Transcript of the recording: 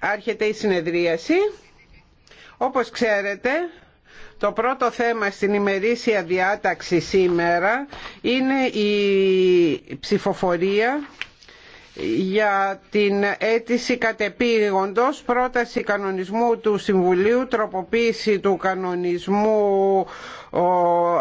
Άρχεται η συνεδρίαση. Όπως ξέρετε, το πρώτο θέμα στην ημερήσια διάταξη σήμερα είναι η ψηφοφορία για την αίτηση κατεπήγοντος πρόταση κανονισμού του Συμβουλίου τροποποίηση του κανονισμού